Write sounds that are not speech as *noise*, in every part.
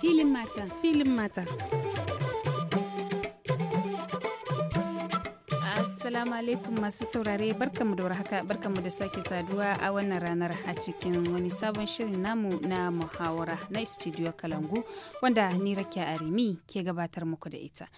Filin mata. Filin mata. Assalamu alaikum masu saurare barkamu da warhaka barkamu da sake saduwa a wannan ranar a cikin wani sabon shirin namu na muhawara na studio Kalangu wanda ni Rakiya Arimi ke gabatar muku da ita.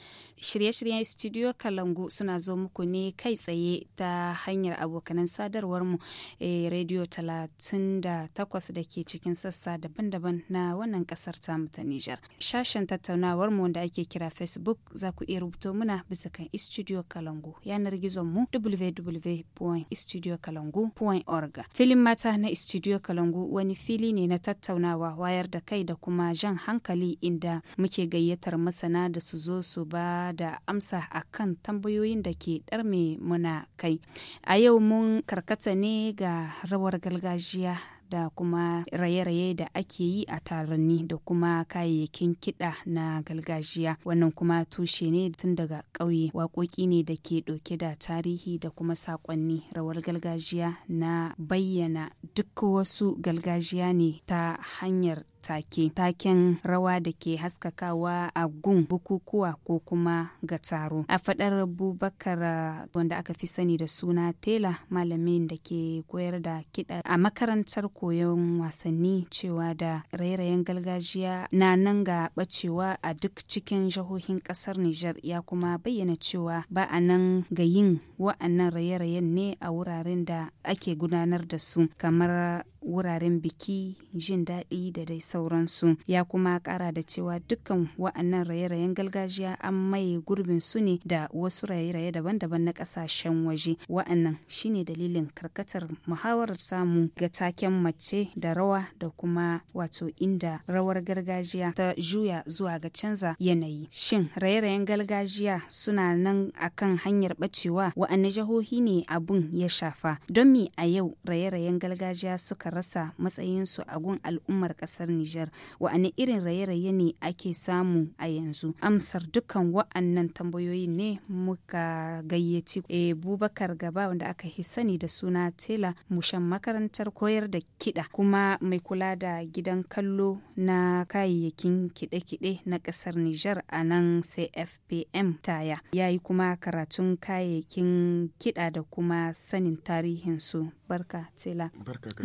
Shirye-shiryen studio Kalangu suna zo muku ne kai tsaye ta hanyar abokanan sadarwar mu e, eh, radio 38 da ke cikin sassa daban-daban na wannan kasar ta ta Nijar. Shashen tattaunawar mu wanda ake kira Facebook za ku iya rubuto muna bisa kan studio Kalangu yanar gizonmu www.studiokalangu.org. Filin mata na Studio Kalangu wani fili ne na tattaunawa wayar da kai da kuma jan hankali inda muke gayyatar masana da su zo su ba da amsa a kan tambayoyin da ke darme muna kai. A yau mun karkata ne ga rawar gargajiya da kuma raye-raye da ake yi a taronni da kuma kayayyakin kiɗa na gargajiya wannan kuma tushe ne tun daga ƙauye waƙoƙi ne da ke ɗauke da tarihi da kuma saƙonni rawar gargajiya na bayyana duk wasu gargajiya ne ta hanyar take taken rawa da ke haskakawa a gun bukukuwa ko kuma ga taro a fadar bubakar wanda aka fi sani da suna tela malamin da ke koyar da kiɗa a makarantar koyon wasanni cewa da rairayen gargajiya na nan ga bacewa a duk cikin jihohin ƙasar Nijar ya kuma bayyana cewa ba a nan ga yin wa'annan raye-rayen ne a wuraren da ake gudanar da su kamar wuraren biki jin daɗi da dai sauransu ya kuma ƙara da cewa dukkan wa'annan raye-rayen gargajiya an maye gurbin su ne da wasu raye-raye daban-daban na ƙasashen waje wa'annan shine dalilin karkatar muhawarar samu ga taken mace da rawa da kuma wato inda rawar gargajiya ta juya zuwa ga canza yanayi shin raye-rayen gargajiya suna nan akan hanyar bacewa wa'annan jihohi ne abun ya shafa don me a yau raye-rayen gargajiya suka suka rasa matsayinsu a gun al'ummar ƙasar Nijar wa'ane irin raye-raye ne ake samu a yanzu amsar dukkan wa'annan tambayoyi ne muka gayyaci e bubakar gaba wanda aka hi sani da suna tela mushan makarantar koyar da kiɗa kuma mai kula da gidan kallo na kayayyakin kiɗe-kiɗe na ƙasar Nijar a nan CFPM taya ya yi kuma karatun kayayyakin kiɗa da kuma sanin tarihinsu barka tela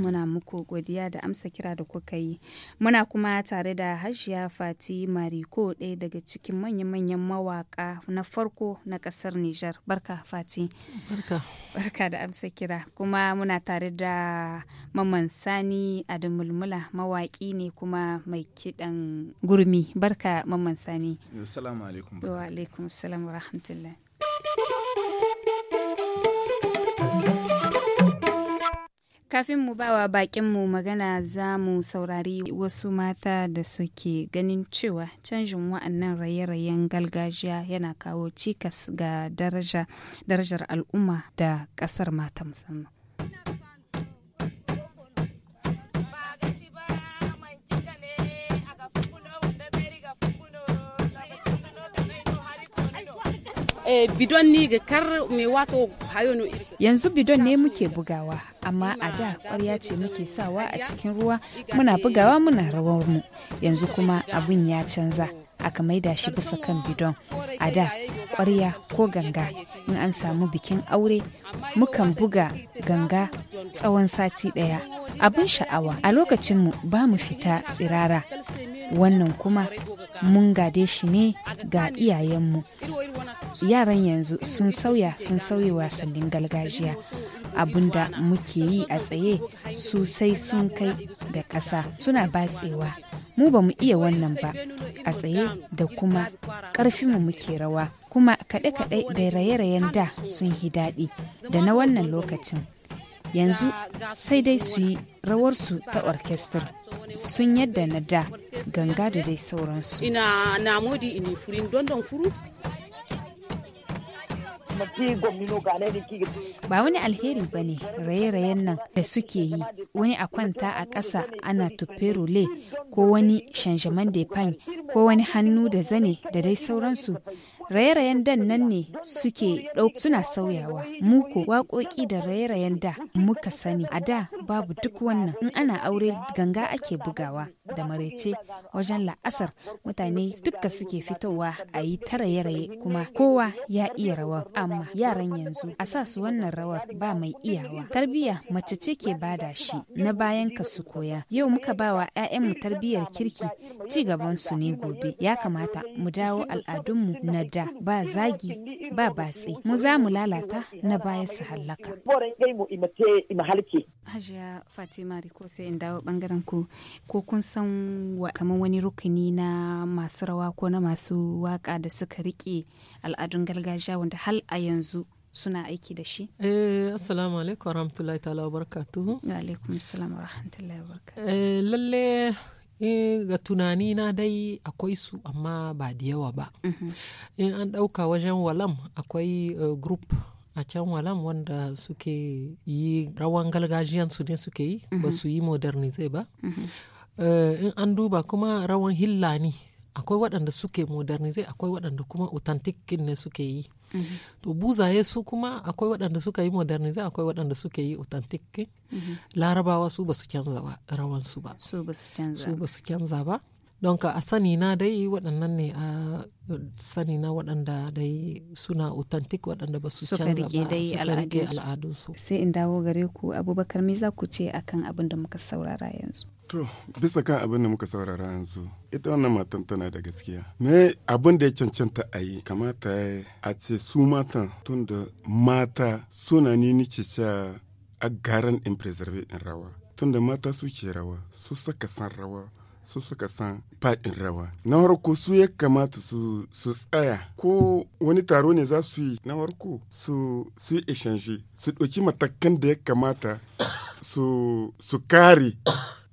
muna muku godiya da amsa kira da kuka yi muna kuma tare da hajiya fati mariko ɗaya daga cikin manya-manyan mawaka na farko na ƙasar nijar barka fati barka da amsa kira kuma muna tare da maman sani adamulmula mawaki ne kuma mai kiɗan gurmi barka maman sani assalamu alaikum wa alaikum assalam wa Kafin mu bawa mu magana za mu saurari wasu mata da suke ganin cewa canjin wa'annan raye-rayen gargajiya yana kawo cikas ga darajar al'umma da ƙasar mata musamman. Eh, bidon ni ga kar me wato hayo no yanzu bidon ne muke bugawa amma a da kwarya ce muke sawa a cikin ruwa muna bugawa muna rawar mu yanzu kuma abin ya canza aka maida shi bisa kan bidon a da kwarya ko ganga in an samu bikin aure mukan buga ganga tsawon sati daya abin sha'awa a lokacinmu ba mu fita tsirara wannan kuma mun gade shi ne ga iyayenmu yaran yanzu sun sauya sun sauya wasannin gargajiya abinda muke yi a tsaye su sai sun kai da ƙasa suna batsewa mu ba mu iya wannan ba a tsaye da kuma mu muke rawa kuma kaɗe-kaɗe da raye-rayen da sun yi daɗi da na wannan lokacin yanzu sai dai su yi rawarsu ta orkestar sun yadda na da ganga da dai sauransu ina namodi ini furin dondon furu ba wani alheri ba ne raye-rayen nan da suke yi wani a kwanta a ƙasa ana tuffe rule ko wani shanjaman pan ko wani hannu da zane da dai sauransu raye-rayen dan nan ne suke ɗauk suna sauyawa muku waƙoƙi da raye-rayen da muka sani a da babu duk wannan in ana aure ganga ake bugawa da maraice wajen la'asar mutane duka suke fitowa a yi ta raye-raye kuma kowa ya iya rawa amma yaran yanzu a sa su wannan rawar ba mai iyawa tarbiyya mace ce ke bada shi na bayan ka su koya yau muka bawa 'ya'yanmu tarbiyyar kirki ci gaban su ne gobe ya kamata mu dawo al'adunmu na da ba zagi ba batsi mu za mu lalata na baya su hallaka hajiya fatima riko sai in dawo bangaren ku ko kun san kamar wani rukuni na masu rawa ko na masu waka da suka rike al'adun gargajiya wanda hal a yanzu suna aiki da shi? Eh, assalamu alaikum warahmatullahi ta'ala wa barakatuhu. Wa alaikum assalam wa rahmatullahi wa barakatuhu. Eh, lalle eh, ga tunani na dai akwai su amma ba da yawa ba. Mhm. In an ɗauka wajen walam akwai eh, group a can walam wanda suke yi rawan galgajiyan su ne suke yi ba mhm. su yi modernize ba. Mhm. Eh, in an duba kuma rawan hillani akwai waɗanda suke modernize akwai waɗanda kuma authentic ne suke yi. to buzaye su kuma akwai waɗanda suka yi modernize akwai waɗanda suka yi authentic mhm. larabawa su ba su canza ba rawan ba su ba su canza ba don ka a sani na dai waɗannan ne a sani na waɗanda dai suna authentic waɗanda ba su canza ba dai al'adunsu sai in dawo gare ku abubakar me za ku ce akan abin da muka saurara yanzu To, bisa kan abin da muka saurara yanzu, ita wannan matan tana da gaskiya. Me abin da ya cancanta a yi, kamata ya a ce su matan tun da mata suna ni ce ce a garan in preserve in rawa. Tun da mata su ce rawa, su saka san rawa, su suka san faɗin rawa. Na farko su ya kamata su su tsaya ko wani taro ne za su yi na farko su su yi su ɗauki matakan da ya kamata su su kare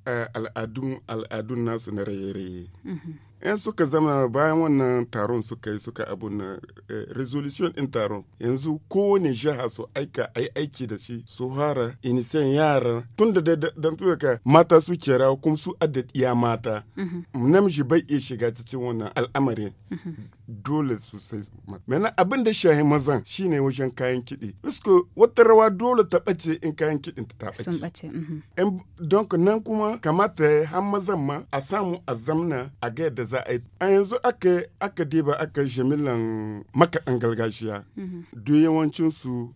Eh, al'adun nasu na raye-raye mhm. yan suka zama bayan wannan taron suka yi suka abun na eh, resolution in taron yanzu kowane jiha su aika ai aiki da shi su fara inisiyan yara tun da dan tuka mata su kera kuma su adda iya mata mhm. namiji bai iya shiga cikin wannan al'amari mhm. dole su sai mana abin da shahi mazan shine wajen kayan kiɗi isko wata rawa dole ta ɓace in kayan kiɗin ta ɓace mhm. don nan kuma kamata har mazan ma a samu a zamna a ga yadda za a yi a yanzu aka aka diba aka jamilan makaɗan gargajiya mhm. duk yawancinsu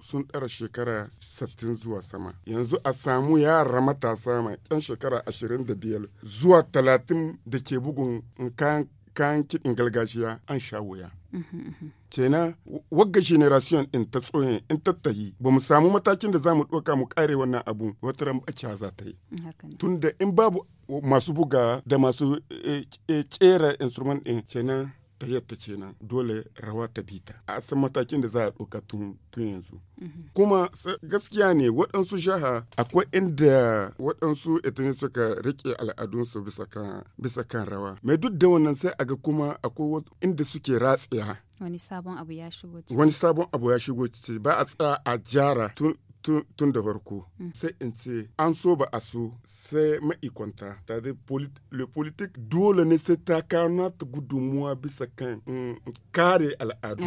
sun ɗara shekara 60 zuwa sama yanzu a samu yara matasa mai ɗan shekara biyar zuwa talatin da ke bugun kayan kayan kiɗin gargajiya an sha wuya kenan wagga generation in ta tsoye in tattahi ba mu samu matakin da za mu ɗauka mu kare wannan abu wata ran za ta yi tunda in babu masu buga da masu eh, eh, kera instrument ɗin kenan tayyata nan dole rawa ta bi ta. a san matakin da za a ɗauka tun yanzu kuma gaskiya ne waɗansu shaha akwai inda waɗansu itani suka riƙe al'adunsu bisa kan rawa mai duk da wannan sai a ga kuma akwai inda suke ratsiya wani sabon abu ya shigo ciki wani sabon abu ya shigo ba a tsaya a jara tun tun da farko mm. sai in ce an so ba a so sai ma'ikwanta ta da le politik dole ne sai ta kawo ta gudunmuwa bisa kan mm, kare al'adu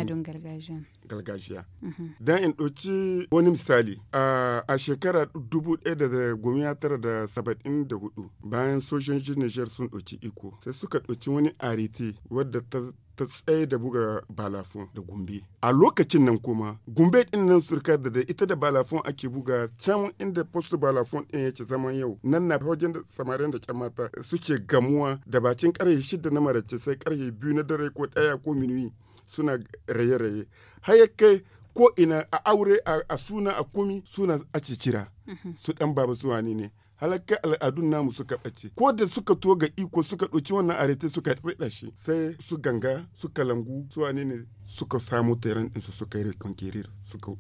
gargajiya. Mhm. Dan in ɗauki wani misali a shekara dubu ɗaya da goma tara da saba'in da hudu bayan sojojin Nijar sun ɗauki iko sai suka ɗauki wani arite wadda ta ta tsaye da buga balafon da gumbe a lokacin nan kuma gumbe din nan surka da da ita da balafon ake buga can inda post balafon din yake zaman yau nan na wajen da samarin da kyan mata suke gamuwa da bacin karfe shida na marace sai biyu na dare ko daya ko minuyi suna raye-raye hayakai ko ina a aure a suna a komi suna a cicira mhm. su dan baba su wani ne halakka al'adun namu suka ɓace ko da suka to ga iko suka ɗauki wannan arete suka tsada shi sai su ganga su kalangu su wane ne suka samu taron ɗinsu suka yi reconquerir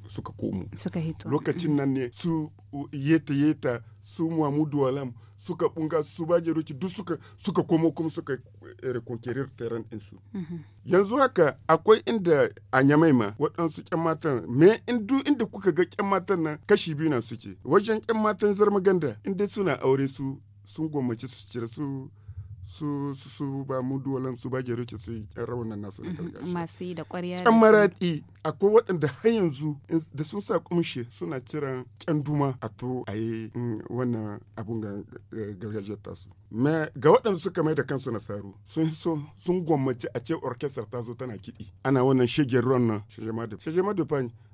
suka komo lokacin mhm. nan ne su yeta yeta su muhammadu walam suka bunga su baje ruki duk suka suka komo kuma suka eh, reconquerir terrain din mhm. yanzu haka akwai inda a nyamai ma waɗansu kyan matan me in duk inda kuka ga kyan matan nan kashi biyu na suke wajen kyan matan zarmaganda inda suna aure su sun gwammaci su cire su su su su ba mu dolan su ba geruce su yan raunan nasu na mm-hmm. gargajiya masu yi da ƙwarya da maraɗi akwai waɗanda har yanzu da sun sa kumshe suna kiran kyanduma a to a yi mm, wannan abun gargajiyar tasu ga waɗanda suka mai da kansu nasaru sun sun gwammaci a ce orkestar ta zo tana kiɗi ana wannan shegen ruwan nan shejema da shejema da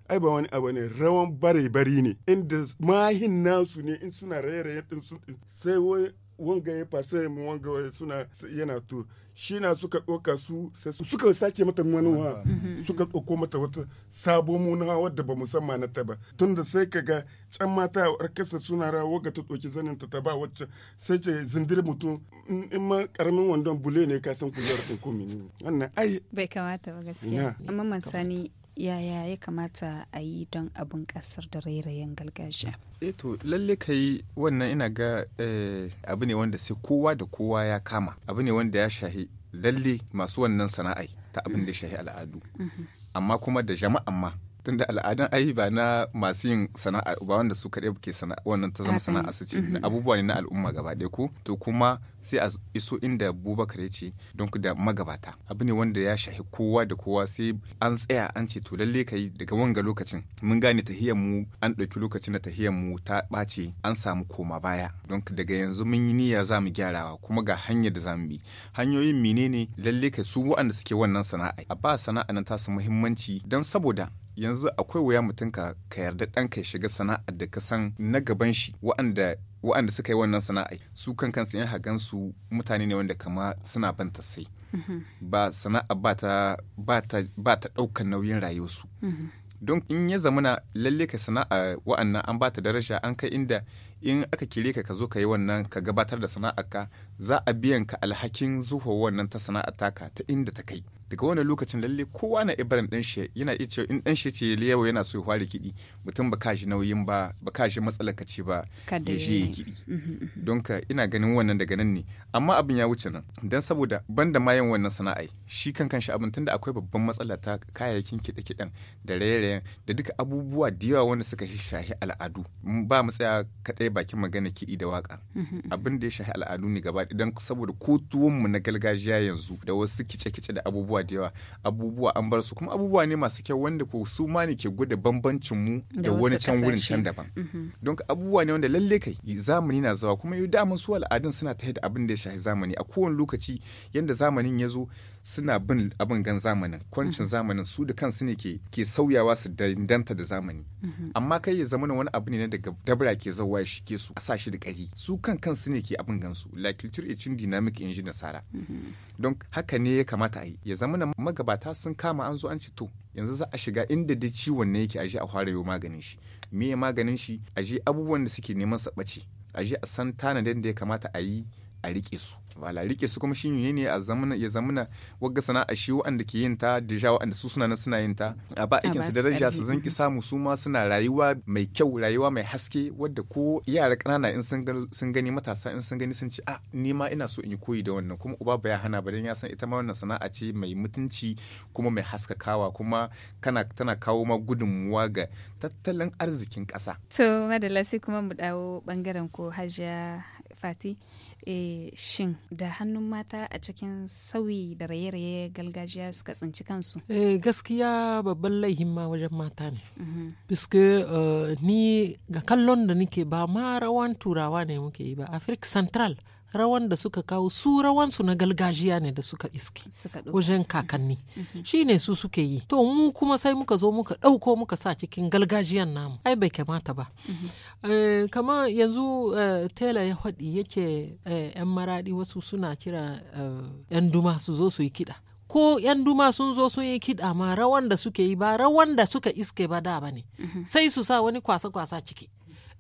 ai ba wani abu ne rawan bare bari ne inda mahin nasu ne in suna raye-raye din sai wani wanga ya fasa mu wanga suna yana to shi na suka ɗauka su suka sace mata manuwa mm-hmm. suka ɗauko mata wata sabo munawa wadda ba musamman na ta ba tun da sai ka ga can mata a orkestra suna rawa ga ta ɗauki zanen ta ta ba wacce sai ce zindir mutum in ma karamin wandon bule ne ka san kujerar komi ne wannan ai bai kamata ba gaskiya amma man sani yaya ya kamata a yi don abin kasar da rairayen gargajiya eh to lalle kai wannan ina ga eh, abu ne wanda sai kowa da kowa ya kama abu ne wanda ya shahi lalle masu wannan sana'ai ta abin da shahi al'adu mm-hmm. amma kuma da jama'an ma tunda al'adun ai ba na masu yin sana'a ba wanda su kaɗai ke sana'a wannan ta zama sana'a su ce mm-hmm. abubuwa ne na al'umma gaba ɗaya ko to kuma sai a iso inda bubakar ya ce don da magabata abu ne wanda ya shahi kowa da kowa sai an tsaya an ce to lalle yi daga wanga lokacin mun gane tahiyar mu an ɗauki lokacin da tahiyar mu ta ɓace an samu koma baya don daga yanzu mun yi niyya za mu gyarawa kuma ga hanyar da za mu bi hanyoyin menene lalle kai su waɗanda suke wannan sana'a a ba sana'a nan ta su muhimmanci don saboda yanzu akwai wuya mutum ka ka yarda dan ka shiga sana'ar da ka san na gaban shi waɗanda waɗanda suka yi wannan sana'a su kan kansu yan hagan su mutane ne wanda kama suna banta sai mm-hmm. ba sana'a ba ta ba ta ba ta ɗaukan nauyin rayuwarsu mm-hmm. don in ya zamana lalle ka sana'a waɗannan an ba ta daraja an kai inda in aka kire ka ka zo ka yi wannan ka gabatar da ka za a biyan ka alhakin zuwa wannan ta sana'ar taka ta inda ta kai daga wannan lokacin lalle kowa na ibaran dan shi yana iya cewa in dan shi ce yau yana so ya fara kiɗi mutum ba ka shi nauyin ba ba ka shi matsalar ka ce ba ya je ya kiɗi don ka ina ganin wannan daga nan ne amma abin ya wuce nan dan saboda banda ma yin wannan sana'a shi kan kanshi abin tunda akwai babban matsala ta kayayyakin kiɗe-kiɗen da raye-rayen da duka abubuwa da yawa wanda suka shahi al'adu ba mu tsaya kaɗai dai bakin magana kiɗi da waka mhm. abin da ya shahi al'adu ne gaba idan saboda ko tuwonmu na gargajiya yanzu da wasu kice-kice da abubuwa da yawa abubuwa an bar su kuma abubuwa ne masu kyau wanda ko su ma ne ke gwada bambancin mu da wani can wurin can daban mhm. don abubuwa ne wanda lalle kai zamani na zawa kuma yau daman su al'adun suna ta da abin da ya shahi zamani a kowane lokaci yanda zamanin ya zo suna bin abin gan zamanin kwancin mhm. zamanin su da kansu ne ke ke sauyawa su dandanta da zamani amma kai ya zama wani abu ne daga dabra ke zawa shi shike su a sa shi da ƙarfi su kan kansu ne ke abin gansu like culture est dynamic dynamique in nasara mm-hmm. don haka ne ya kamata a yi ya zama magabata sun kama an zo an ce to yanzu za a shiga inda dai ciwon ne yake a je a fara yau maganin shi me ya maganin shi a je abubuwan da suke neman sabace a je a san tanadin da ya kamata a yi a rike su wala rike su kuma shi ne a zamana ya zamana wagga sana'a shi wa'anda ke yin ta deja wa'anda su suna nan suna yin ta a ba aikin su daraja su zan ki samu su ma suna rayuwa mai kyau rayuwa mai haske wadda ko yara kanana in sun gani matasa in sun gani sun ce ah ni ma ina so in yi koyi da wannan kuma uba ba ya hana ba dan ya san ita ma wannan sana'a ce mai mutunci kuma mai haskakawa kuma kana tana kawo ma gudunmuwa ga tattalin arzikin ƙasa. To madalla kuma mu dawo bangaren ko Hajiya Fati. e, shin da hannun mata a cikin sauyi da raye-raye gargajiya suka tsinci kansu e, gaskiya babban laihin ma wajen mata ne biske mhm. eh, ni ga kallon da nike ba ma rawan turawa ne muke yi ba afirka central rawan da suka kawo su rawansu na galgajiya ne da suka iske wajen kakanni mhm. shi ne su suke yi to mu kuma sai muka zo muka ɗauko muka sa cikin gargajiyan namu ai bai kamata ba mhm. eh, kama yanzu eh, tela ya faɗi yake eh, 'yan maraɗi wasu suna kira 'yan duma su zo su yi kiɗa ko 'yan duma sun zo sun yi kiɗa ma rawan da suke yi ba rawan da suka iske ba da ba ne mhm. sai su sa wani kwasa-kwasa ciki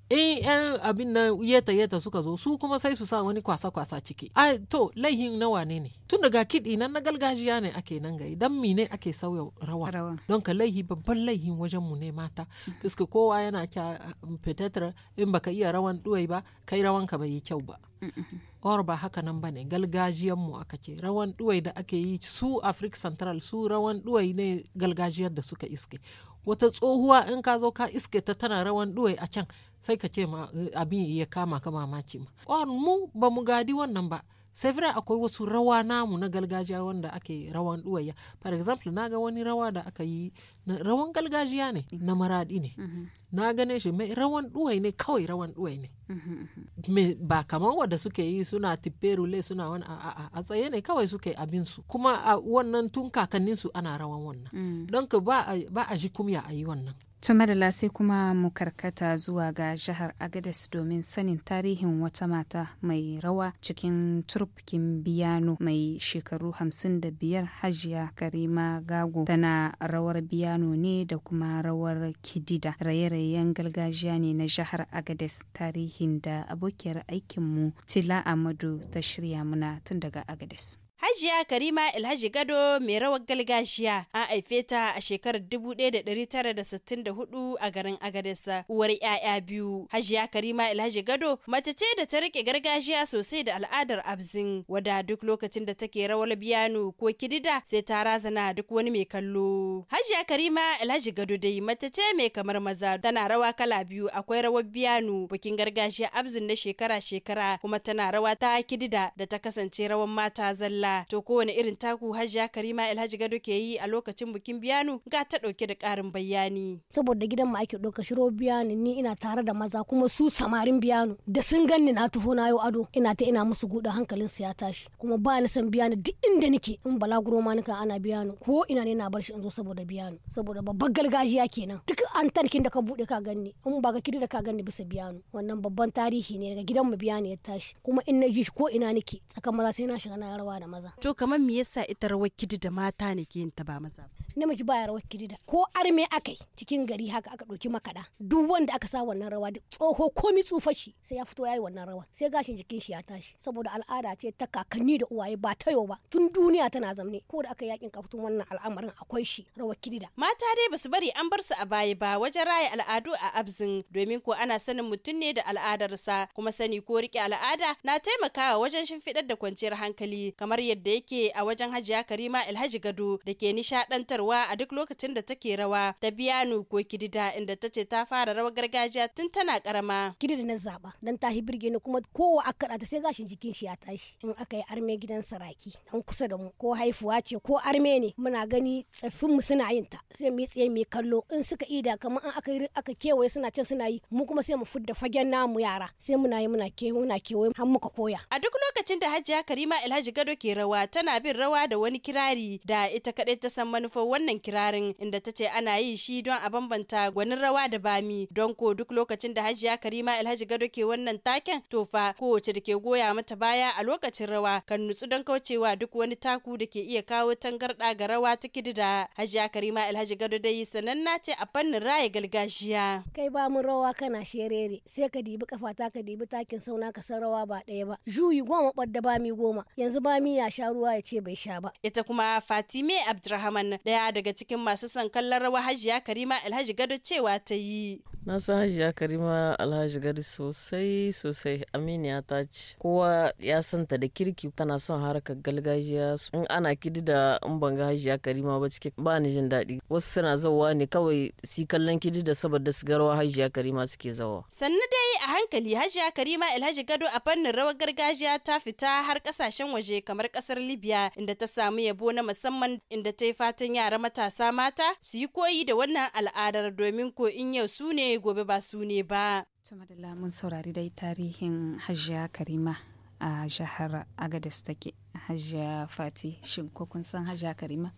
in yan abin nan yeta yeta suka zo su kuma sai su sa wani kwasa kwasa ciki a to laihin nawa ne ne tun daga kiɗi nan na galgajiya ne ake nan gai dan ne ake sauya rawa don ka laihi babban laihin wajen mu ne mata mm-hmm. fiske kowa yana kya um, fetetra in baka iya rawan duwai ba kai rawan ka bai yi kyau ba mm-hmm. or ba haka nan ba ne galgajiyan mu aka ce rawan duwai da ake yi su afrik central su rawan duwai ne galgajiyar da suka iske wata tsohuwa in ka zo ka iske ta tana rawan duwai a can sai ka ce ma eh, abin ya kama ka mamaki ma or mu ba mu gadi wannan ba sai akwai wasu rawa namu na gargajiya wanda ake rawan duwaya for example na ga wani rawa da aka yi rawan gargajiya ne na maradi ne mm-hmm. na gane shi mai rawan duwai ne kawai rawan duwai ne mm-hmm. ba kamar wanda suke yi suna tipperule suna wani a tsaye ne kawai suke abin su kuma a wannan tun kakannin su ana rawan wannan mm. don ka ba a ji kumya a yi wannan To madala sai kuma mu karkata zuwa ga jihar Agadez domin sanin tarihin wata mata mai rawa cikin turbikin biyano mai shekaru 55 hajiya Karima Gago tana rawar biyano ne da kuma rawar kidida raye-rayen gargajiya ne na jihar Agadez tarihin da abokiyar aikinmu Tila Amadu ta shirya muna tun daga Agadez. Hajiya Karima Alhaji Gado mai rawar galgashiya an haife ta a shekarar 1964 a garin Agadesa uwar ‘ya'ya biyu. Hajiya Karima Alhaji Gado mace ce da ta rike gargajiya sosai da al'adar abzin wada duk lokacin da take rawar biyanu ko kidida sai ta razana duk wani mai kallo. Hajiya Karima Alhaji Gado dai mata ce mai kamar maza tana rawa kala biyu akwai rawar biyanu bikin gargajiya abzin na shekara-shekara kuma tana rawa ta kidida da ta kasance rawar mata zalla. Allah to kowane irin taku Hajiya Karima Alhaji Gado ke yi a lokacin bikin biyanu ga ta dauke da karin bayani saboda gidan mu ake doka shiro biyanu ni ina tare da maza kuma su samarin biyanu da sun ganni na tuho na yau ado ina ta ina musu guda hankalin su ya tashi kuma ba ni san biyanu duk inda nake in balaguro ma nika ana biyanu ko ina ne na bar shi in zo saboda biyanu saboda babbar gargajiya kenan duk an tankin da ka bude ka ganni in ba ga kidi da ka ganni bisa biyano wannan babban tarihi ne daga gidan mu biyano ya tashi kuma in na ji ko ina nake tsakan maza sai na shiga na rawa da maza to kamar me yasa ita rawar kidi da mata ne ke yin ta ba maza ba namiji baya rawar kirida ko arme akai cikin gari haka aka ɗauki makaɗa duk wanda aka sa wannan rawa tsoho komi tsufa shi sai ya fito yayi wannan rawa sai gashin jikin shi ya tashi saboda al'ada ce ta kakanni da uwaye ba ta yau ba tun duniya tana zamne ko da aka yakin kafin wannan al'amarin akwai shi rawar kirida mata dai basu bari an bar su a baya ba wajen raya al'adu a abzin domin ko ana sanin mutum ne da al'adar sa kuma sani ko rike al'ada na taimakawa wajen shimfiɗar da kwanciyar hankali kamar yadda yake a wajen hajiya karima alhaji gado da ke nishaɗantarwa rawa a duk lokacin da take rawa ta biyanu ko kidida inda ta ce ta fara rawar gargajiya tun tana karama. Kidida na zaba dan ta hi birge ni kuma kowa aka ta sai gashin jikin shi ya tashi in aka yi arme gidan saraki dan kusa da mu ko haifuwa ce ko arme ne muna gani tsaffin mu suna yin ta sai mu tsaye mu kallo in suka ida kamar an aka aka kewaye suna can suna yi mu kuma sai mu fudda fagen namu yara sai muna yi muna ke muna kewaye har muka koya. A duk lokacin da Hajiya Karima Alhaji Gado ke rawa tana bin rawa da wani kirari da ita kaɗai ta san manufar wannan kirarin inda ta ce ana yi shi don a bambanta gwanin rawa da bami don ko duk lokacin da hajiya karima alhaji gado ke wannan taken to fa kowace da ke goya mata baya a lokacin rawa kan nutsu don kaucewa duk wani taku da ke iya kawo tangarɗa ga rawa ta kidida hajiya karima alhaji gado dai na ce a fannin raya galgashiya. kai ba mu rawa kana sherere sai ka dibi kafata ka dibi takin sauna ka san rawa ba ɗaya ba juyi goma ɓadda bami goma yanzu bami ya sha ruwa ya ce bai sha ba ita kuma fatime abdurrahman ɗaya daya daga cikin masu son kallon rawa Hajiya Karima Alhaji Gado cewa ta yi. Na san Hajiya Karima Alhaji Gado sosai sosai Aminiya ta ce. Kowa ya san da kirki tana son harkar gargajiya in ana kidida in ban ga Hajiya Karima ba cike ba ni jin daɗi. Wasu suna zawa ne kawai si kallon kidida saboda su garwa Hajiya Karima suke zawa. Sannu dai a hankali Hajiya Karima Alhaji Gado a fannin rawa gargajiya ta fita har kasashen waje kamar kasar Libya inda ta samu yabo na musamman inda ta yi fatan yara yara matasa mata su yi koyi da wannan al'adar domin ko in yau su ne gobe ba su ne ba. Tuma da lamun saurari dai tarihin Hajiya Karima a jihar Agadez take. Hajiya Fati shin ko kun san Hajiya Karima?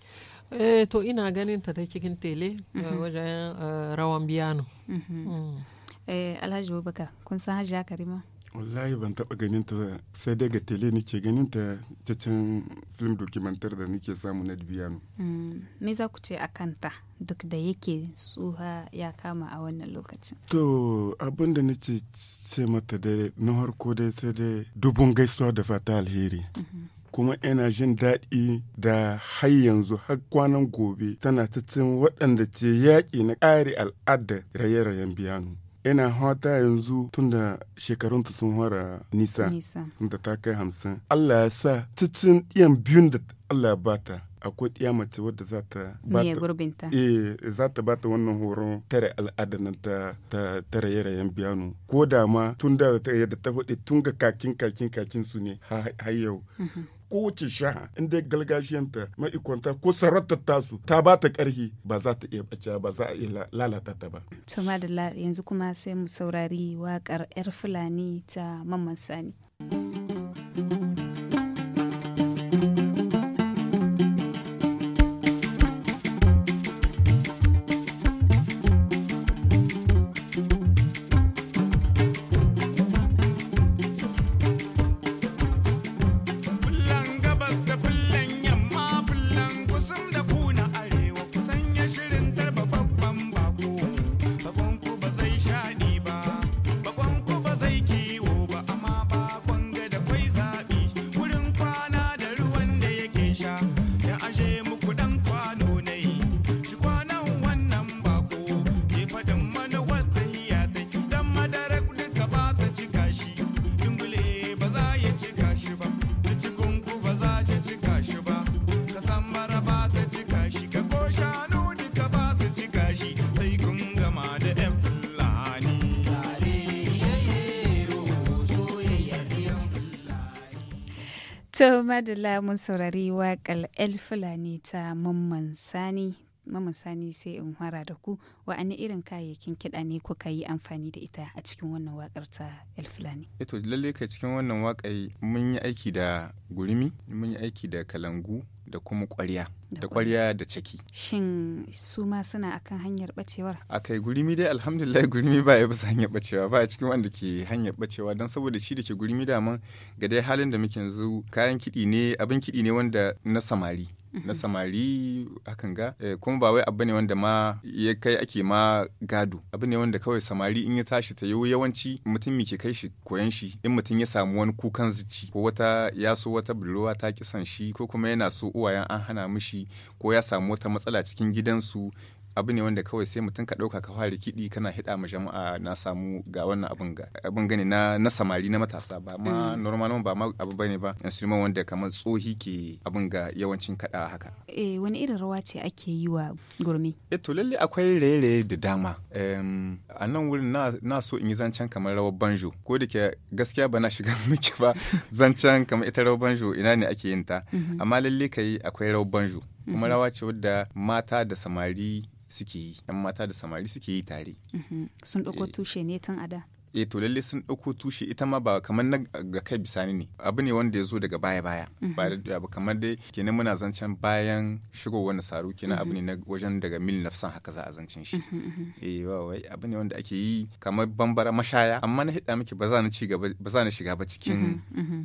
Eh to ina ganin ta da cikin tele mhm. eh, wajen eh, rawan biyano. Mhm. Mm. Eh, Alhaji Bubakar kun san Hajiya Karima? wallahi ban taba ganin ta sai dai ga tele nake ganin ta ta can film documentary da nake samu na biyano mm, me za ku ce a kanta duk da yake tsuha ya kama a wannan lokacin to abin da nake ce mata da na harko dai sai dai dubun gaisuwa da fata alheri mhm. kuma ina jin daɗi da har yanzu har kwanan gobe tana ta cin waɗanda ce yaƙi na ƙari al'adar raye-rayen biyano ina hota yanzu tun da shekarunta sun hora nisa, da ta kai hamsin allah ya sa cikin ɗiyan biyun da allah bata akwai ɗiya mace wadda za ta bata eh za ta bata wannan horo tare al'ada nan ta ta tare yarayen biyanu ko da ma tun da yadda ta hudu tun ga kakin kakin kakin su ne har yau mhm. kowace shaha inda galgashiyanta ma'ikonta ko sarauta tasu ta ba ta ƙarfi ba za ta iya ɓace ba za a iya lalata ta ba. To madalla yanzu kuma sai mu saurari waƙar 'yar Fulani ta Mamman Sani. To madalla mun saurari waƙar El Fulani ta Mamman Sani. Mamman Sani sai in hara da ku wa'ani irin kayayyakin kiɗa ne kuka yi amfani da ita a cikin wannan waƙar ta El Fulani. Eto eh lalle ka cikin wannan waƙai mun yi aiki da gurimi, mun yi aiki da kalangu, da kuma kwarya da kwarya da caki shin su ma suna akan hanyar bacewar akai gurimi dai alhamdulillah *laughs* gurimi ba ya bisa hanyar bacewa ba a cikin wanda ke hanyar bacewa don saboda shi da ke gurimi daman ga dai halin da muke yanzu kayan kiɗi ne abin kiɗi ne wanda na samari na samari hakan ga eh, kuma ba wai abu ne wanda ma ya kai ake ma gado abu ne wanda kawai samari in ya tashi ta yiwu yawanci mutum me ke kai shi koyan shi in mutum ya samu wani kukan zici ko wata ya so wata budurwa ta kisan shi ko kuma yana so uwayen an hana mishi ko ya samu wata matsala cikin gidansu abu ne wanda kawai sai mutum ka ɗauka ka fara kiɗi kana hiɗa ma jama'a na samu ga wannan abin ga abin gani na na samari na matasa ba ma mm. normal ba ma abu bane ba instrument wanda kamar tsohi ke abin ga yawancin kaɗa haka eh wani irin rawa ce ake yi wa gurmi eh to lalle akwai raye-raye da dama a nan wurin na so in yi zancen kamar rawar banjo ko da ke gaskiya ba na shiga *laughs* miki ba zancen kamar ita rawar banjo ina ne ake yin ta mm-hmm. amma lalle kai akwai rawar banjo kuma mm-hmm. rawa ce wadda mata da samari suke yi yan mata da samari suke yi tare mm-hmm. sun ɗauko eh. tushe ne tun ada. e eh to lalle sun ɗauko tushe ita ma ba kamar na ga kai bisani ne abu ne wanda ya zo daga baya baya mm-hmm. ba da kamar dai kenan muna zancen bayan shigo wani saro kenan abu ne na wajen daga mil nafsan haka za a zancen shi eh wai abu ne wanda ake yi kamar bambara mashaya amma na hidda miki ba za na ci gaba ba za na shiga ba cikin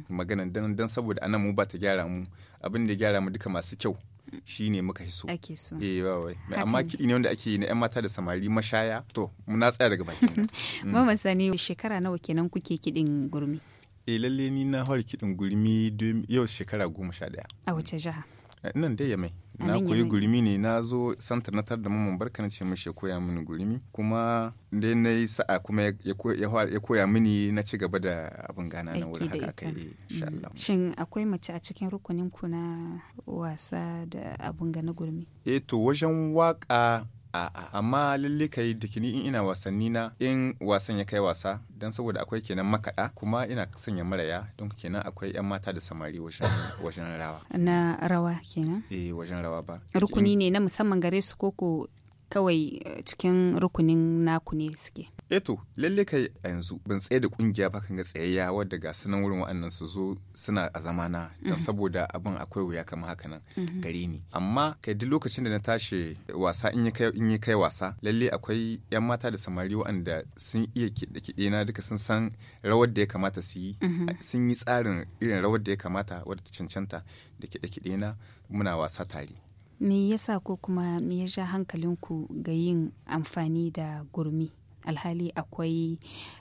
maganan dan dan saboda anan mu ba ta gyara mu abin da gyara mu duka masu kyau shi ne muka so ake so eh wai mai amma kiɗi ne wanda ake yi na yan mata da samari mashaya to muna tsaya daga bakin *laughs* mama sani shekara nawa kenan kuke kiɗin gurmi eh lalle ni na fara kiɗin gurmi yau shekara goma sha ɗaya a wace jiha eh, nan dai ya mai na koyi gurimi ne na zo santa na tar da mamman barka na ce mashi ya koya mini gurimi kuma da na yi sa'a kuma ya koya mini na ci gaba da abin gana na wurin haka aka yi mm. shin akwai mace a cikin rukunin ku na wasa da abin gana gurimi eh to wajen waka A'a, amma lalle kai da kini in ina wasanni na in wasan ya kai wasa dan saboda akwai kenan makaɗa kuma ina sanya maraya don kenan akwai yan mata da samari wajen rawa na rawa kenan eh wajen rawa ba rukuni ne na musamman gare su koko kawai cikin rukunin naku ne suke eto eh lalle kai a yanzu ban tsaye da kungiya ba kan ga tsayayya wadda ga sanan wurin wa'annan su zo suna a zamana don mhm. saboda abin akwai wuya kamar haka nan mhm. gare ni amma kai duk lokacin da na tashi wasa in yi kai kai wasa lalle akwai yan mata da samari wa'anda sun iya kiɗe kiɗe na duka sun san rawar da ya kamata su yi mhm. sun yi tsarin irin rawar da ya kamata wadda ta cancanta da kiɗe kiɗe na muna wasa tare me yasa ko kuma me ya ja hankalinku ga yin amfani da gurmi alhali akwai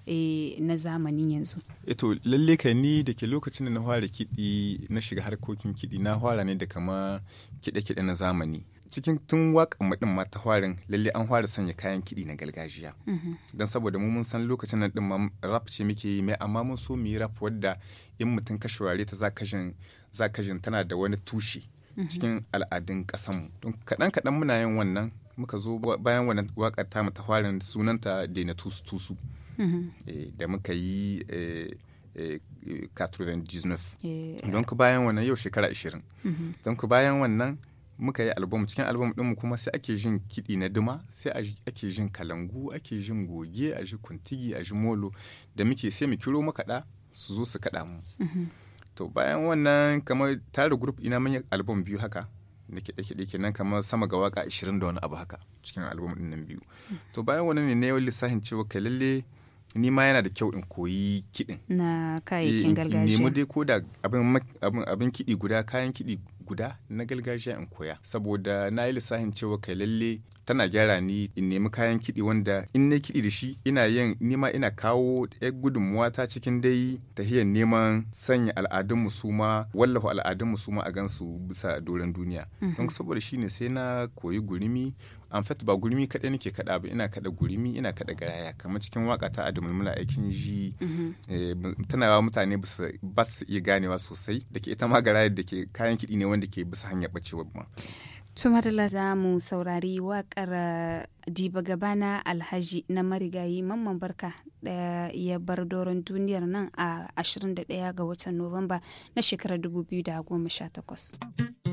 e na zamani yanzu eto eh lalle ka ni da ke lokacin da na fara kiɗi na shiga harkokin kiɗi na fara ne da kama kiɗe-kiɗe na zamani cikin tun waƙan mu ma ta farin lalle an fara sanya kayan kiɗi na gargajiya mm-hmm. don saboda mu mun san lokacin nan ɗin ma rap ce muke yi mai amma mun so mu yi rap wadda in mutum ka ware ta ka zakajin tana da wani tushe mm-hmm. cikin al'adun ƙasanmu don kaɗan kaɗan muna yin wannan muka zo bayan wannan wakar ta ta farin sunanta daina tusu tusu mm-hmm. eh, da muka yi 99 eh, eh, don ku bayan wannan yau shekara 20 mm-hmm. don ku bayan wannan muka yi album cikin album mu kuma sai ake jin kiɗi na dima sai ake jin kalangu ake jin goge a ji kuntigi a ji molo da muke sai mu kiro makaɗa su zo su kaɗa mu mm-hmm. to bayan wannan kamar tare group ina manyan album biyu haka na kiɗe-kiɗe kenan kamar sama ga waka 20 da wani abu haka cikin album ɗin nan biyu to bayan wani ne na yau lissafin cewa kai lalle ni ma yana da kyau in koyi kiɗin na kayayyakin eh, gargajiya nemi dai ko da abin kiɗi guda kayan kiɗi guda na gargajiya in koya saboda na yi lissafin cewa kai lalle tana gyara ni in nemi kayan kiɗi wanda in na kiɗi da shi ina yin nima ina kawo ɗaya gudunmuwa ta cikin dai tahiyar neman sanya al'adun musuma wallafa al'adun musuma a gansu bisa doron duniya mhm. don saboda shi ne sai na koyi gurimi an ba gurimi kaɗai nake kaɗa ba ina kaɗa gurimi ina kaɗa garaya kamar cikin waka ta da mulmula aikin ji mhm. eh, tana wa mutane ba su iya ganewa sosai da ke ita ma garaya da ke kayan kiɗi ne wanda ke bisa hanyar ɓacewa ba. Tumadala za mu saurari waƙar eh, Diba Gabana Alhaji na marigayi Mamman Barka da ya bar doron duniyar nan a 21 ga watan Nuwamba na shekarar 2018.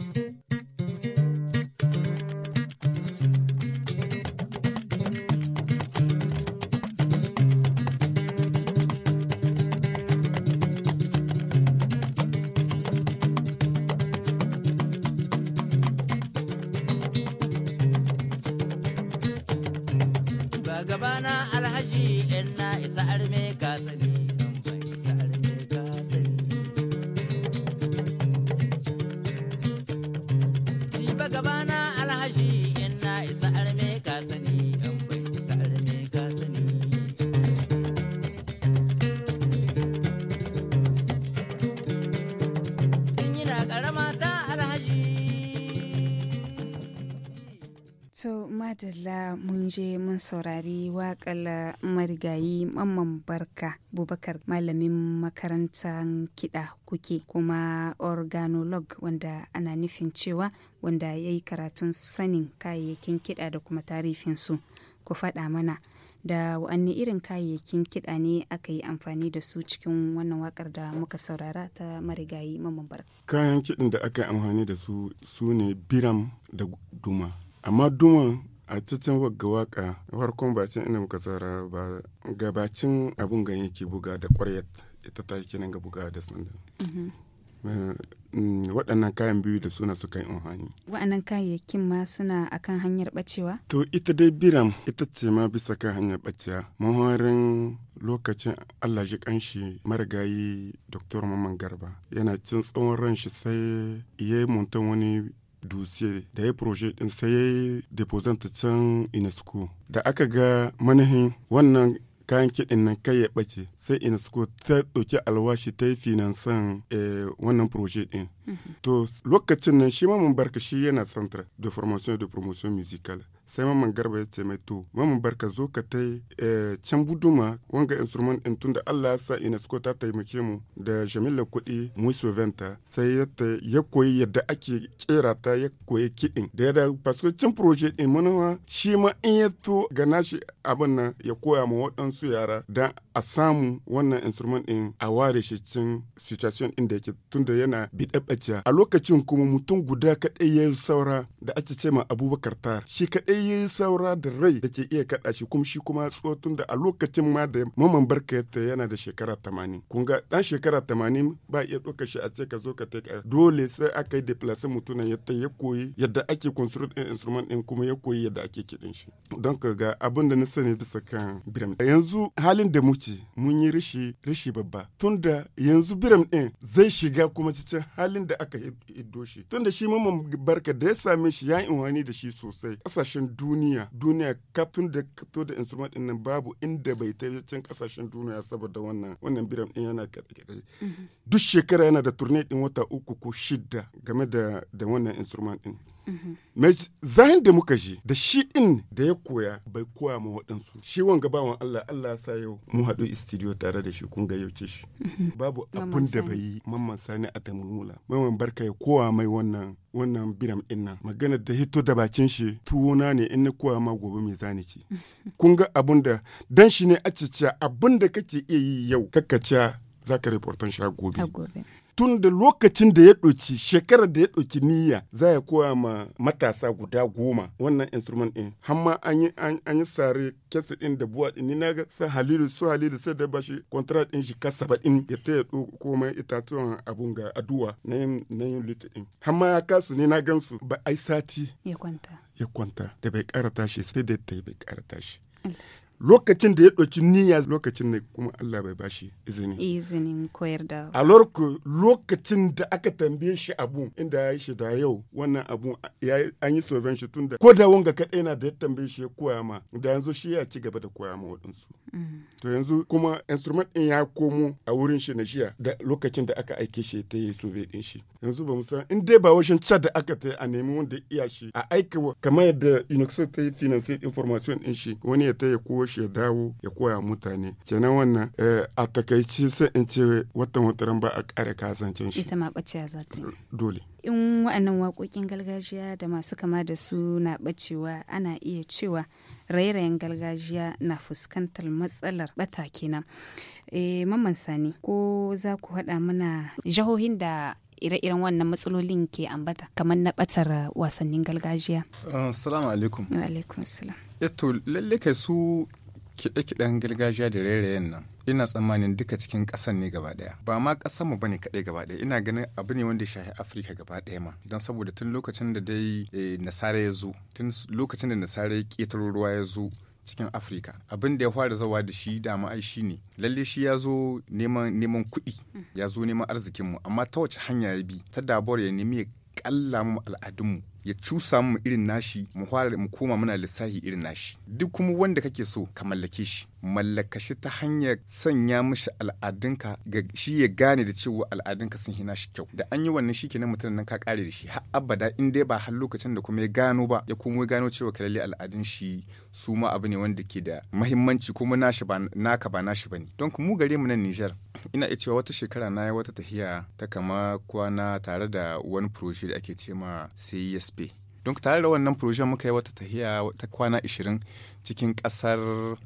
saurari wakala marigayi mamman barka bubakar malamin makarantar kiɗa kuke kuma organolog wanda ana nufin cewa wanda ya yi karatun sanin kayayyakin kiɗa da kuma tarifinsu ku faɗa mana da wa'anne irin kayayyakin kiɗa ne aka yi amfani da su cikin wannan wakar da muka saurara ta marigayi mamman barka kayan kiɗin da aka yi amfani da su su ne biram da duma amma duma a cikin wagga waka farkon bacin ina muka tsara ba gabacin abun gan ke buga da ƙwaryat ita ta kenan ga buga da sandan mm-hmm. eh, waɗannan kayan biyu da suna suka yi amfani. waɗannan kayayyakin ma suna akan hanyar ɓacewa? to ita dai biram ita ce ma bisa kan hanyar ɓacewa mahorin lokacin allah shi kanshi marigayi dr maman garba yana cin tsawon ran shi sai ya yi wani dossier da ya proje din sai ya yi deposanta can UNESCO. Da aka ga manahin wannan kayan kiɗin nan kai ya ɓace sai UNESCO ta ɗauki alwashi ta yi finansan eh, wannan proje ɗin. Mhm. To lokacin nan shi ma mun barka shi yana Centre de Formation de Promotion Musicale. sai mamman garba ya ce mai to mamman barka zo ka ta yi eh, can buduma wanga instrument din tun da Allah ya sa UNESCO ta taimake mu da jamilar kuɗi mui soventa sai ya koyi yadda ake kera ta ya koyi kiɗin da ya da paske can proje din manawa shi ma in ya to ga nashi abin nan ya koya ma waɗansu yara da a samu wannan instrument in a ware shi cin situation inda yake tun da yana biɗaɓɓaciya a lokacin kuma mutum guda kaɗai ya saura da ake ce ma abubakar tar shi kaɗai yi saura da rai da ke iya kaɗa shi kuma shi kuma tsotun da a lokacin ma da maman barka ta yana da shekara tamanin kun ga ɗan shekara tamanin ba iya ɗauka shi a ce ka zo ka ta dole sai aka yi deplace mutunan yadda ya koyi yadda ake construct ɗin instrument ɗin kuma ya koyi yadda ake kiɗin shi don ka ga abin da na sani bisa kan biram yanzu halin da muke mun yi rishi rishi babba tunda yanzu biram ɗin zai shiga kuma cikin halin da aka hiddo shi tunda shi maman barka da ya same shi ya yi da shi sosai ƙasashen duniya duniya kaf tun da fito da instrument din nan babu inda bai ta can kasashen duniya saboda wannan wannan biram din yana kaɗe mhm. duk shekara yana da turne din wata uku ko shida game da da wannan instrument din mai zahin da muka shi da shi in da ya koya bai koya ma waɗansu shi wanga bawan Allah Allah sa yau mu haɗu studio tare da shi kun ga yauce shi babu abin da bai yi mamman sani a ta mulmula mamman barka ya kowa mai wannan wannan biram din nan magana da hito da bakin shi tuwona ne in na koya ma gobe mai zani ce *laughs* kun ga abin da dan shi ne a abin da kake iya yi yau kakkaciya zaka reporton shi a gobe tun da lokacin da ya ɗauki shekarar da ya ɗauki niyya za ya koya ma matasa guda goma wannan instrument ɗin hamma an yi sare kesa ɗin da buwa ɗin ni na ga sai halilu su halilu sai da bashi contract ɗin shi ba ɗin ya ta ya komai itatuwan abun ga aduwa na yin na yin lita ɗin hamma ya kasu ni gansu ba ai sati ya kwanta ya kwanta da bai ƙara tashi sai da ta bai ƙara tashi lokacin da ya ɗauki niyya lokacin ne kuma Allah bai bashi izini. Izinin koyar da. A lokacin da aka tambaye shi abu inda ya shi da yau wannan abu an yi soven shi tun da ko da wanga kaɗai na da ya tambaye shi ya koya ma da yanzu shi ya ci gaba da koya ma waɗansu. Mm. To yanzu kuma instrument ɗin ya komo a wurin shi na jiya da lokacin da aka aike shi ta yi soven ɗin shi. Yanzu ba san in dai ba washin chat da aka ta a nemi wanda iya shi a aika kamar yadda UNICEF ta yi finance information ɗin shi wani ya ta yi shi ya dawo ya koya mutane kenan wannan eh, a takaici sai in ce watan wataran ba a kare kasancin shi ita ma ɓaciya za ta dole in wa'annan waƙoƙin gargajiya da masu kama da su na bacewa ana iya cewa rairayen gargajiya na fuskantar matsalar bata kenan e, mamman sani ko za ku haɗa mana jihohin da ire-iren wannan matsalolin ke ambata kamar na batar wasannin gargajiya. Assalamu alaikum. Wa alaikum salam. Eto eh, lalle kai su kiɗe-kiɗen gargajiya da rairayen nan ina tsammanin duka cikin ƙasan ne gaba ɗaya ba ma ƙasar mu bane kaɗai gaba ɗaya ina ganin abu ne wanda ya shafi afirka gaba ɗaya ma don saboda tun lokacin da dai eh, nasara ya zo tun lokacin da nasara ya ƙetaro ruwa ya zo cikin afirka abin da ya fara zawa da shi dama ai shi ne lalle shi ya zo neman kuɗi ya zo neman arzikinmu amma ta wace hanya ya bi ta dabor ya nemi ya kalla mu al'adunmu ya cusa mu irin nashi mu fara mu koma muna lissahi irin nashi duk kuma wanda kake so ka mallake shi mallaka ta hanyar sanya mishi al'adunka ga shi ya gane da cewa al'adunka sun hina shi kyau da an yi wannan shi kenan mutum nan ka kare da shi har abada in dai ba har lokacin da kuma ya gano ba ya kuma gano cewa kalalle al'adun shi su ma abu ne wanda ke da mahimmanci kuma nashi ba naka ba nashi bane don mu gare mu nan Niger ina iya cewa wata shekara na yi wata tahiya ta kama kwana tare da wani proje da ake ce ma CSP don tare da wannan proje muka yi wata tahiya ta kwana 20 cikin ƙasar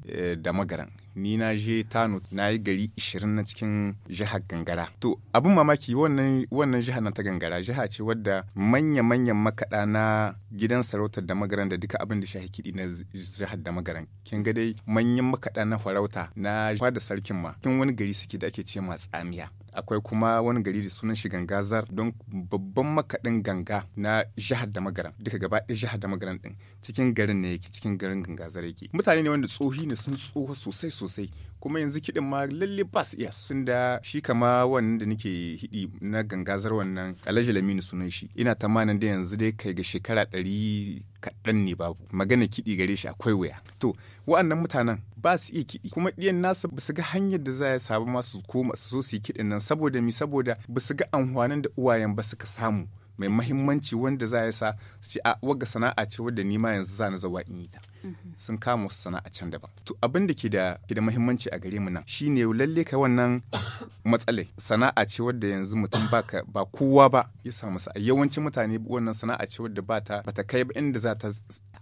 eh, da magaran ni na je tano na yi gari 20 na cikin jihar gangara to abin mamaki wannan wannan jihar na ta gangara jiha ce wadda manya-manyan makaɗa na gidan sarautar da magaran da duka abin da shahi kiɗi na jihar da magaran kin ga dai manyan makaɗa na farauta na fada sarkin ma kin wani gari suke da ake ce ma tsamiya akwai kuma wani gari da sunan shi gangazar don babban makaɗin ganga na jihar da magaran duka gaba ɗaya jihar da magaran din cikin garin ne yake cikin garin ganga kare mutane ne wanda tsohi ne sun tsoho sosai sosai kuma yanzu kiɗin ma lalle ba su iya sun da shi kama wannan da nake hidi na gangazar wannan alhaji lamini sunan shi ina tamanin da yanzu dai kai ga shekara ɗari kaɗan ne babu magana kiɗi gare shi akwai waya. to wa'annan mutanen ba su iya kiɗi kuma ɗiyan nasu ba su ga hanyar da za a ma su koma su so su yi kiɗin nan saboda mi saboda ba su ga amfanin da uwayen ba su ka samu mai mahimmanci wanda za a sa su ce a waga sana'a ce wadda ni ma yanzu za na zawa in yi ta sun kama wasu sana'a can daban to abin da ke da da muhimmanci a gare mu nan shi shine lalle ka wannan *coughs* matsalai sana'a ce wadda yanzu mutum ba ba kowa ba ya samu sa yawancin mutane wannan sana'a ce wadda ba ta bata kai ba inda za ta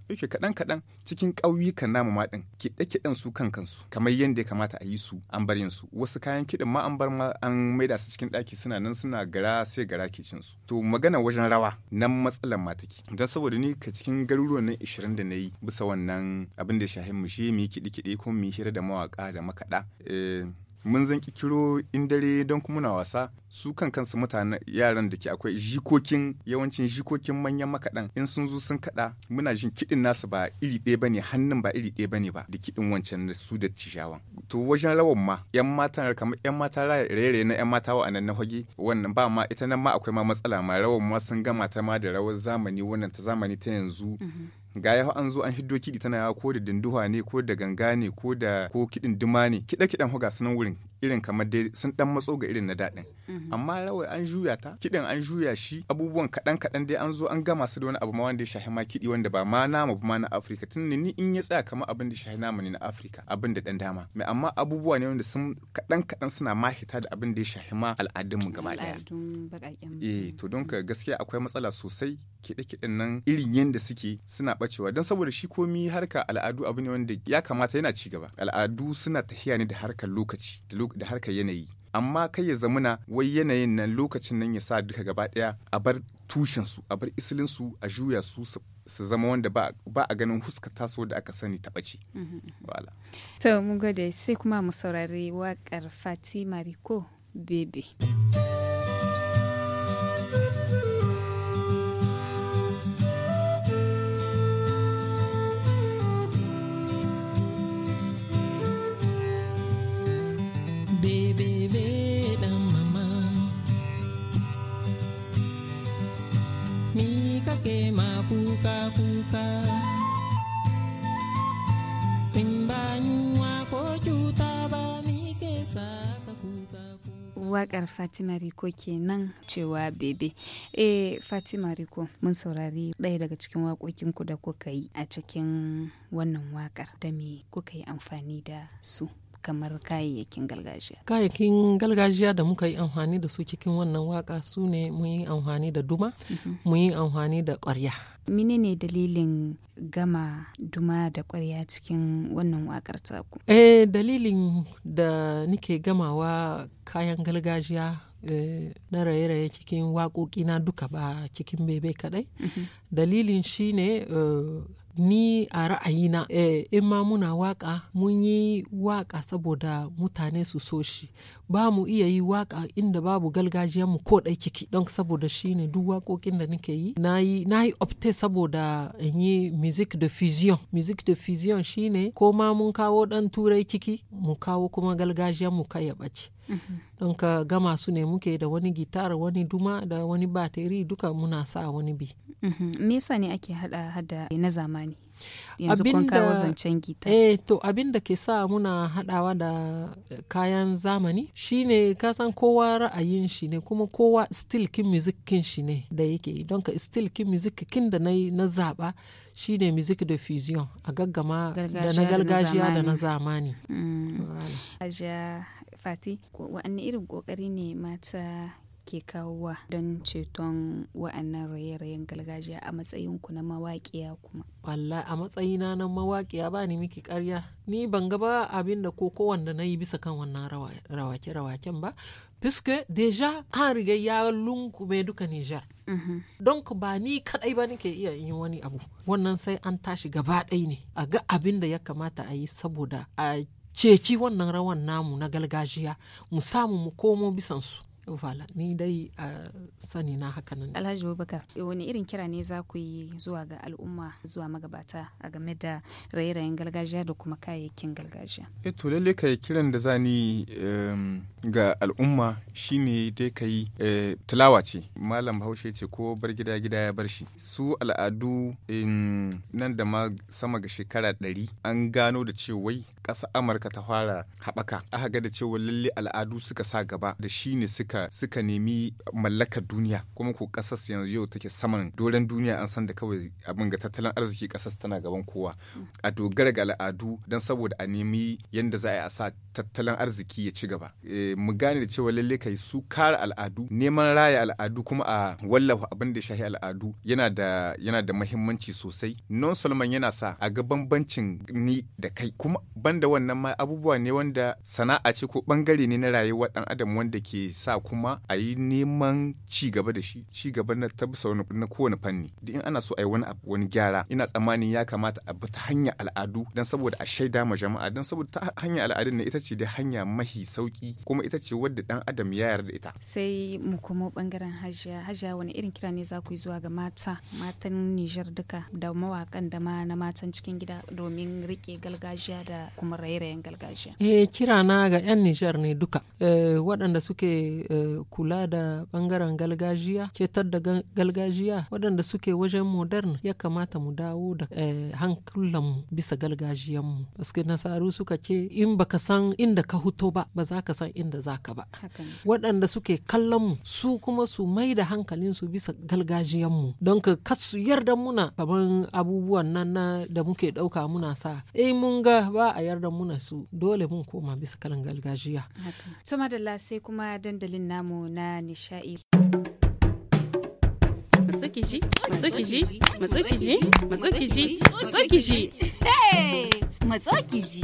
yake kadan kadan cikin ƙauyukan namu ma ɗin kiɗe kiɗen su kan kansu kamar yadda ya kamata a yi su an bar su wasu kayan kiɗin ma an bar ma an maida su cikin ɗaki suna nan suna gara sai gara ke cin su to magana wajen rawa nan matsalan ma take don saboda ni ka cikin garuruwan nan 20 da na yi bisa wannan nan abin da shahin mu shi mu yi kiɗi kiɗe mu yi hira da mawaƙa da makaɗa eh, mun zan kikiro in dare don kuma na wasa su kan kansu mutane yaran da ke akwai jikokin yawancin jikokin manyan makaɗan in sun zo sun kaɗa muna jin kiɗin nasu ba iri ɗaya bane hannun ba iri ɗaya bane ba da kiɗin wancan su da tishawan to wajen rawan ma yan mata kamar yan mata raye na yan mata wa anan na hoge wannan ba ma ita nan ma akwai ma matsala ma rawan ma sun gama ta ma da rawar zamani wannan ta zamani ta yanzu mm-hmm. ga ya an zo an hiddo kiɗi tana ko da dinduwa ne ko da ganga ne ko da ko kiɗin duma ne kiɗe kiɗen ga sunan wurin irin kamar dai sun dan matso ga irin na daɗin mm-hmm. amma rawai an juya ta kiɗin an juya shi abubuwan kaɗan kaɗan dai an zo an gama su da wani abu ma wanda ya shahi ma kiɗi wanda ba ma nama ba ma na afirka tun ni in ya tsaya kamar abin da shahi namu ne na afirka abin da ɗan dama mai amma abubuwa ne wanda sun kaɗan kaɗan suna ma hita da abin da ya shahi ma al'adunmu gaba ɗaya eh to don ka gaskiya akwai matsala sosai kiɗe-kiɗen nan irin yadda suke suna ɓacewa don saboda shi komi harka al'adu abu ne wanda ya kamata yana ci gaba al'adu suna tahiya ne da harkar lokaci da lokaci da harkar yanayi amma kai ya zamuna wai yanayin nan lokacin nan ya sa duka gaba daya a bar tushensu a bar isilinsu a juya su su zama wanda ba a ganin huska taso da aka sani ta ɓace. Mm-hmm. To, mu gode sai kuma mu saurari waƙar Fatima Riko Bebe. ke ma kuka kuka Waƙar Fatima Riko kenan cewa bebe. E Fatima Riko mun saurari ɗaya daga cikin waƙoƙinku da kuka yi a cikin wannan waƙar da me kuka yi amfani da su. kamar kayayyakin gargajiya kayayyakin gargajiya da muka yi amfani da su cikin wannan waka su ne mun yi amfani da duma mhm. mun yi amfani da ƙwarya ne dalilin gama duma da ƙwarya cikin wannan wakar taku eh dalilin da nike gamawa kayan gargajiya eh, na raye-raye cikin waƙoƙina duka ba cikin bebe kaɗai mhm. dalilin shi shine eh, ni a ra'ayina eh, in ma muna waka mun yi waka saboda mutane su so shi ba mu iya yi waka inda babu mu ko ɗai ciki don saboda shi ne duk waƙoƙin da nake yi na yi opte saboda in yi music de fusion music de fusion shine ko ma mun kawo ɗan turai ciki mu kawo kuma galgajiyar mu kai ya ɓace don ka gama su ne muke da wani gitar wani duma da wani bateri duka muna sa wani bi mhm. me yasa ne ake hada hada na zamani yanzu kun kawo eh to abin da ke sa muna hadawa da kayan zamani shine ka san kowa ra'ayin shi ne kuma kowa still kin music kin shi ne da yake don ka still kin music kin da na zaba shine music da fusion a gaggama da na gargajiya da na zamani mm. fati wa'anne irin ƙoƙari ne mata ke kawowa don ceton wa'annan raye-rayen gargajiya a matsayin na mawaƙiya kuma? Walla a matsayina na mawaƙiya ba ni miki karya. Ni ban ga ba abin da ko kowanda na yi bisa kan wannan rawake-rawaken ba. Fiske deja an riga ya mai duka Nijar. Mhm. Don ba ni kadai ba nake iya yin wani abu. Wannan sai an tashi gaba ɗaya ne. A ga abin da ya kamata a yi saboda a ceci wannan rawan namu na galgajiya mu samu mu komo bisansu Ufala, ni dai a sani na haka nan. Alhaji Abubakar wani irin kira ne za ku yi zuwa ga al'umma zuwa magabata a game da raye-rayen gargajiya da kuma kayayyakin gargajiya? E to lalle yi kiran da za ni ga al'umma shi ne dai ka yi. Eh, tilawa ce. Malam Bahaushe ce ko bar gida gida ya bar shi. Su al'adu nan da ma sama ga shekara ɗari an gano da wai ƙasa Amurka ta fara haɓaka. Aka ga da cewa lalle al'adu suka sa gaba da shi ne suka suka suka nemi mallakar duniya kuma ko kasar yanzu yau take saman doren duniya an san da kawai abin ga tattalin arziki kasas tana gaban kowa a dogara ga al'adu don saboda a nemi yadda za a yi a sa tattalin arziki ya ci gaba eh, mu gane da cewa lalle kai su kare al'adu neman raya al'adu kuma a wallafa abin da shahi al'adu yana da yana da muhimmanci sosai non solomon yana sa a ga bambancin ni da kai kuma banda wannan ma abubuwa ne wanda sana'a ce ko bangare ne na rayuwar dan adam wanda ke sa kuma a yi neman ci gaba da shi ci gaba na tabbasa na kowane fanni duk in ana so a yi wani abu wani gyara ina tsammanin ya kamata a bi ta hanyar al'adu dan saboda a shaida ma jama'a dan saboda ta hanyar al'adun ne ita ce da hanya mahi sauki kuma ita ce wadda dan adam ya yarda ita sai mu kuma bangaren hajiya hajiya wani irin kira ne za ku yi zuwa ga mata matan Nijar duka da mawakan da ma na matan cikin gida domin rike galgajiya da kuma raye-rayen gargajiya eh kira na ga yan Nijar ne duka eh, waɗanda suke kula da bangaren galgajiya cetar da galgajiya waɗanda suke wajen modern ya kamata mu dawo da eh, hankulanmu bisa galgajiyanmu basu nasaru suka ce in baka san inda ka huto ba ba za ka san inda za ka ba waɗanda suke kallon mu su kuma su mai da hankalinsu bisa galgajiyanmu don ka kasu yarda muna kamar abubuwan nan na da muke ɗauka muna sa eh mun ga ba a yarda muna su dole mun koma bisa kalan galgajiya. Tuma da sai kuma dandalin shirin namu na nishaɗi. Matsukiji, matsukiji, matsukiji, matsukiji, matsukiji. Hey! Matsukiji.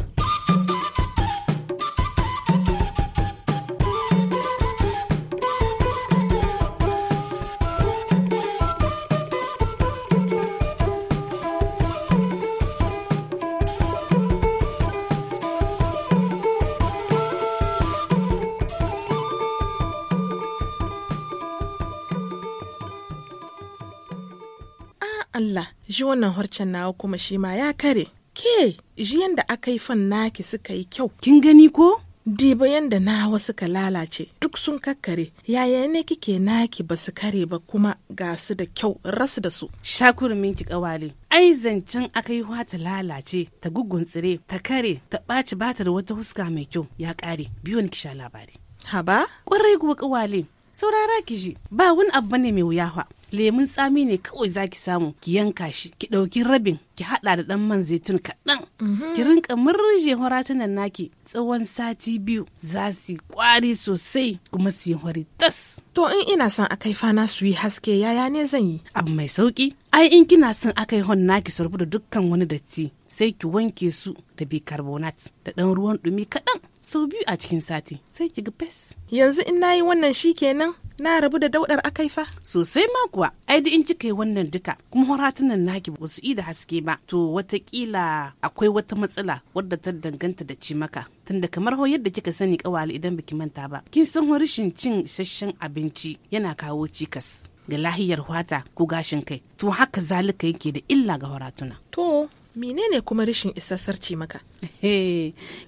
shi wannan harcen nawa kuma shi ma ya kare ke shi yanda aka yi fan naki suka yi kyau kin gani ko diba yanda nawa suka lalace duk sun kakkare yaya ne kike naki ba su kare ba kuma ga su da kyau rasu da su shakurumin ki kawale ai zancen aka yi ta lalace ta tsire ta kare ta ɓaci bata da wata huska mai kyau ya ƙare biyo ni ki sha labari haba ƙwarai kuwa kawale saurara ki ji ba wani abu ne mai wuya fa lemun tsami ne kawai zaki samu ki yanka shi ki ɗauki rabin ki haɗa da ɗan man zaitun kaɗan mhm. ki rinka murje horatunan naki tsawon sati biyu za su kwari sosai kuma su yi hori tas to in ina son akai fana su yi haske yaya ne zan yi abu mai sauki ai in kina son akai hon naki sorbu da dukkan wani datti sai ki wanke su da bicarbonate da ɗan ruwan ɗumi kaɗan sau biyu a cikin sati sai ki ga fes. Yanzu in na yi wannan shi kenan na rabu da daudar akai fa. Sosai ma kuwa ai da in kika yi wannan duka kuma horatunan naki ba su da haske ba to watakila akwai wata matsala wadda ta danganta da ci maka. Tunda kamar hau yadda kika sani kawali idan baki manta ba kin san horishin cin isasshen abinci yana kawo cikas. ga lahiyar hwata ko gashin kai to haka zalika yake da illa ga horatuna. To menene kuma rashin isassar ce maka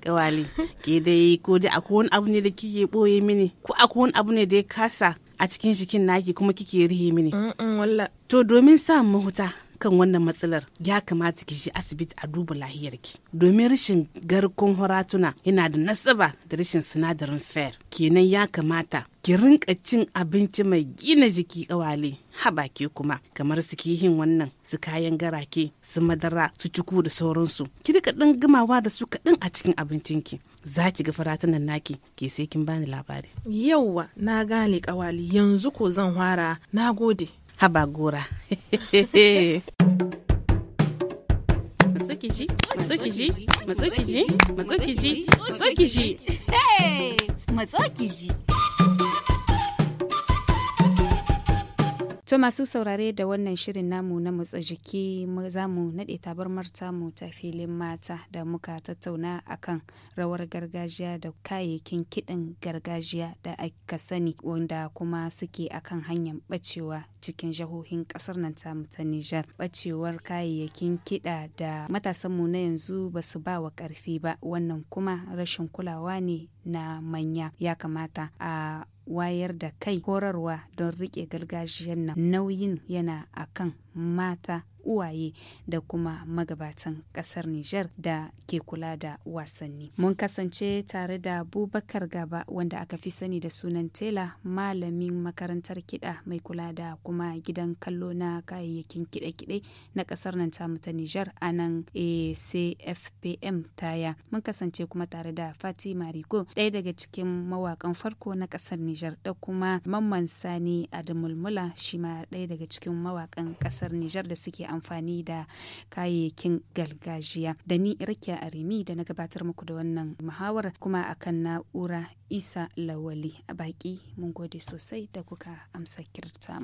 kawali ke dai ko dai akwai wani abu ne da kike boye mini ko akwai wani abu ne da ya kasa a cikin shikin naki kuma kike rihe mini to domin sa mahuta kan wannan matsalar ya kamata ki shi asibiti a duba lahiyarki domin rashin garkon horatuna yana da nasaba da rashin sinadarin fer kenan ya kamata ki rinka cin abinci mai gina jiki kawale haba ke kuma kamar su kihin wannan su kayan garake su madara su ciku da sauransu ki rika dan gamawa da su kaɗan a cikin abincinki za ki ga faratunan naki ke sai kin bani labari yauwa na gane kawali yanzu ko zan fara na gode Rabagura. *laughs* Masukiji, Masukiji, Masukiji, Masukiji, Masukiji. Hey! Masukiji. To masu saurare da wannan shirin namu na motsa jiki za mu naɗe tabarmar tamu ta filin mata da muka tattauna akan rawar gargajiya da kayayyakin kiɗin gargajiya da aka sani wanda kuma suke akan hanyar ɓacewa cikin jihohin ƙasar nan tamu ta Nijar. Ɓacewar kayayyakin kiɗa da matasanmu na yanzu ba su ba wa ƙarfi ba wannan kuma rashin kulawa ne na manya ya kamata a wayar da kai horarwa don riƙe gargajiyar nan nauyin yana akan mata uwaye da kuma magabatan kasar Nijar da ke kula da wasanni. Mun kasance tare da Bubakar Gaba wanda aka fi sani da sunan Tela malamin makarantar kiɗa mai kula da kuma gidan kallo na kayayyakin kiɗe-kiɗe na kasar nan tamu ta Nijar a nan ACFPM taya. Mun kasance kuma tare da Fatima Rigo ɗaya daga cikin mawakan farko na kasar Nijar da kuma Mamman Sani Adamulmula shi ma ɗaya daga cikin mawakan kasar Nijar da suke amfani da kayayyakin gargajiya da ni rakiya arimi da na gabatar muku da wannan muhawar kuma akan na'ura isa lawali a baki mun gode sosai da kuka amsa kirta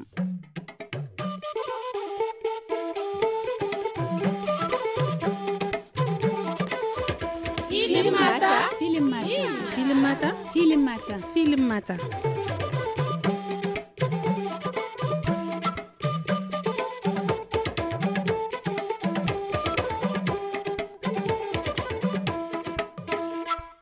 filin mata, filin mata, filin mata, filin mata.